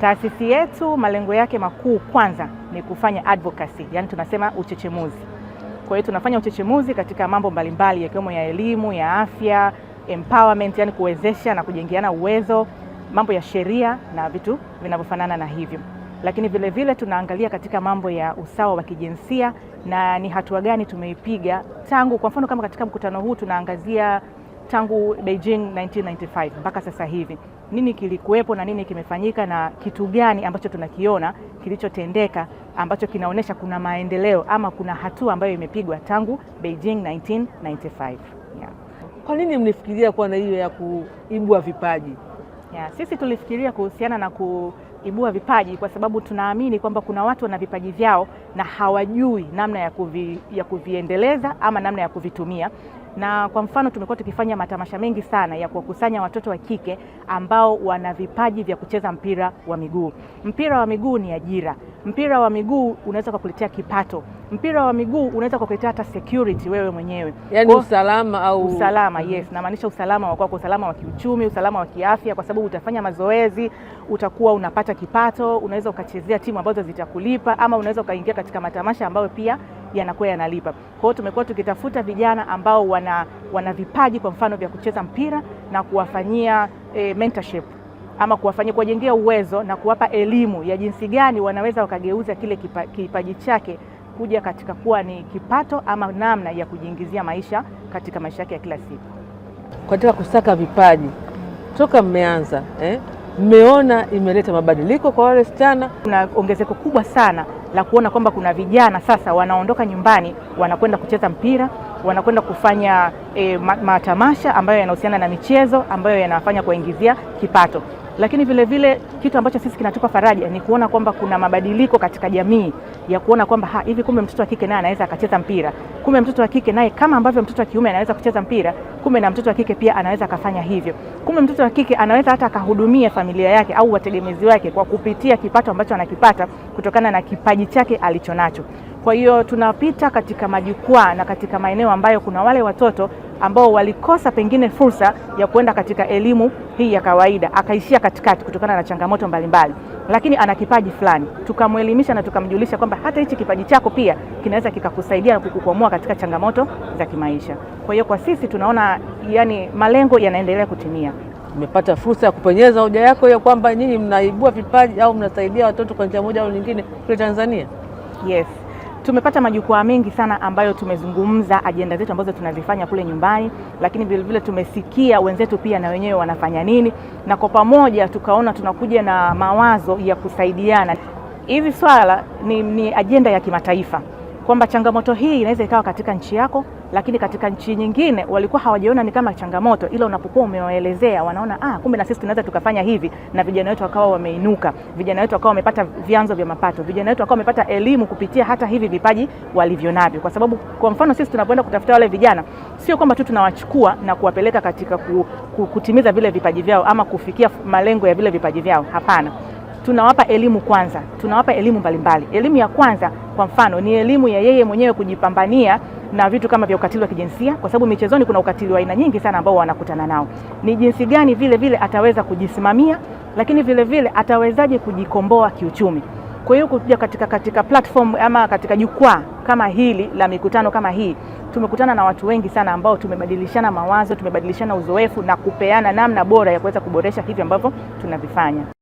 Taasisi yetu malengo yake makuu kwanza ni kufanya advocacy, yani tunasema uchechemuzi. Kwa hiyo tunafanya uchechemuzi katika mambo mbalimbali yakiwemo ya elimu, ya afya, empowerment, yani kuwezesha na kujengeana uwezo, mambo ya sheria na vitu vinavyofanana na hivyo. Lakini vile vile tunaangalia katika mambo ya usawa wa kijinsia na ni hatua gani tumeipiga tangu, kwa mfano kama katika mkutano huu tunaangazia tangu Beijing 1995 mpaka sasa hivi, nini kilikuwepo na nini kimefanyika na kitu gani ambacho tunakiona kilichotendeka ambacho kinaonyesha kuna maendeleo ama kuna hatua ambayo imepigwa tangu Beijing 1995. Yeah. Kwa nini mlifikiria kuwa na hiyo ya kuibua vipaji? Yeah, sisi tulifikiria kuhusiana na ku ibua vipaji kwa sababu tunaamini kwamba kuna watu wana vipaji vyao na hawajui namna ya, kuvi, ya kuviendeleza ama namna ya kuvitumia na kwa mfano tumekuwa tukifanya matamasha mengi sana ya kuwakusanya watoto wa kike ambao wana vipaji vya kucheza mpira wa miguu. Mpira wa miguu ni ajira, mpira wa miguu unaweza kukuletea kipato, mpira wa miguu unaweza kukuletea hata security wewe mwenyewe, yaani usalama au usalama. Mm. Yes, namaanisha usalama wa kwako, usalama wa kiuchumi, usalama wa kiafya, kwa sababu utafanya mazoezi, utakuwa unapata kipato, unaweza ukachezea timu ambazo zitakulipa, ama unaweza ukaingia katika matamasha ambayo pia yanakuwa yanalipa. Kwa hiyo tumekuwa tukitafuta vijana ambao wana, wana vipaji kwa mfano vya kucheza mpira na kuwafanyia e, mentorship ama kuwafanyia kuwajengea uwezo na kuwapa elimu ya jinsi gani wanaweza wakageuza kile kipa, kipaji chake kuja katika kuwa ni kipato ama namna ya kujiingizia maisha katika maisha yake ya kila siku. Katika kusaka vipaji toka mmeanza eh? mmeona imeleta mabadiliko kwa wale wasichana? Kuna ongezeko kubwa sana la kuona kwamba kuna vijana sasa wanaondoka nyumbani wanakwenda kucheza mpira, wanakwenda kufanya e, matamasha ambayo yanahusiana na michezo ambayo yanafanya kuwaingizia kipato. Lakini vile vile kitu ambacho sisi kinatupa faraja ni kuona kwamba kuna mabadiliko katika jamii ya kuona kwamba hivi kumbe mtoto wa kike naye anaweza akacheza mpira, Kumbe mtoto wa kike naye kama ambavyo mtoto wa kiume anaweza kucheza mpira, kumbe na mtoto wa kike pia anaweza akafanya hivyo. Kumbe mtoto wa kike anaweza hata akahudumia familia yake au wategemezi wake kwa kupitia kipato ambacho anakipata kutokana na kipaji chake alichonacho. Kwa hiyo tunapita katika majukwaa na katika maeneo ambayo kuna wale watoto ambao walikosa pengine fursa ya kuenda katika elimu hii ya kawaida, akaishia katikati kutokana na changamoto mbalimbali lakini ana kipaji fulani, tukamwelimisha na tukamjulisha kwamba hata hichi kipaji chako pia kinaweza kikakusaidia na kukukwamua katika changamoto za kimaisha. Kwa hiyo kwa sisi tunaona yani malengo yanaendelea kutimia. Umepata fursa ya kupenyeza hoja yako hiyo kwamba nyinyi mnaibua vipaji au mnasaidia watoto kwa njia moja au nyingine kule Tanzania. Yes tumepata majukwaa mengi sana ambayo tumezungumza ajenda zetu ambazo tunazifanya kule nyumbani, lakini vilevile tumesikia wenzetu pia na wenyewe wanafanya nini, na kwa pamoja tukaona tunakuja na mawazo ya kusaidiana. Hivi swala ni, ni ajenda ya kimataifa kwamba changamoto hii inaweza ikawa katika nchi yako, lakini katika nchi nyingine walikuwa hawajiona ni kama changamoto, ila unapokuwa umewaelezea wanaona ah, kumbe na sisi tunaweza tukafanya hivi, na vijana wetu wakawa wameinuka, vijana wetu wakawa wamepata vyanzo vya mapato, vijana wetu wakawa wamepata elimu kupitia hata hivi vipaji walivyonavyo. Kwa sababu kwa mfano sisi tunapoenda kutafuta wale vijana, sio kwamba tu tunawachukua na kuwapeleka katika kutimiza vile vipaji vyao ama kufikia malengo ya vile vipaji vyao, hapana tunawapa elimu kwanza, tunawapa elimu mbalimbali. Elimu ya kwanza kwa mfano ni elimu ya yeye mwenyewe kujipambania na vitu kama vya ukatili wa kijinsia, kwa sababu michezoni kuna ukatili wa aina nyingi sana ambao wanakutana nao. Ni jinsi gani vile vile ataweza kujisimamia, lakini vile vile atawezaje kujikomboa kiuchumi. Kwa hiyo kuja katika, katika platform ama katika jukwaa kama hili la mikutano kama hii tumekutana na watu wengi sana ambao tumebadilishana mawazo, tumebadilishana uzoefu na kupeana namna bora ya kuweza kuboresha hivi ambavyo tunavifanya.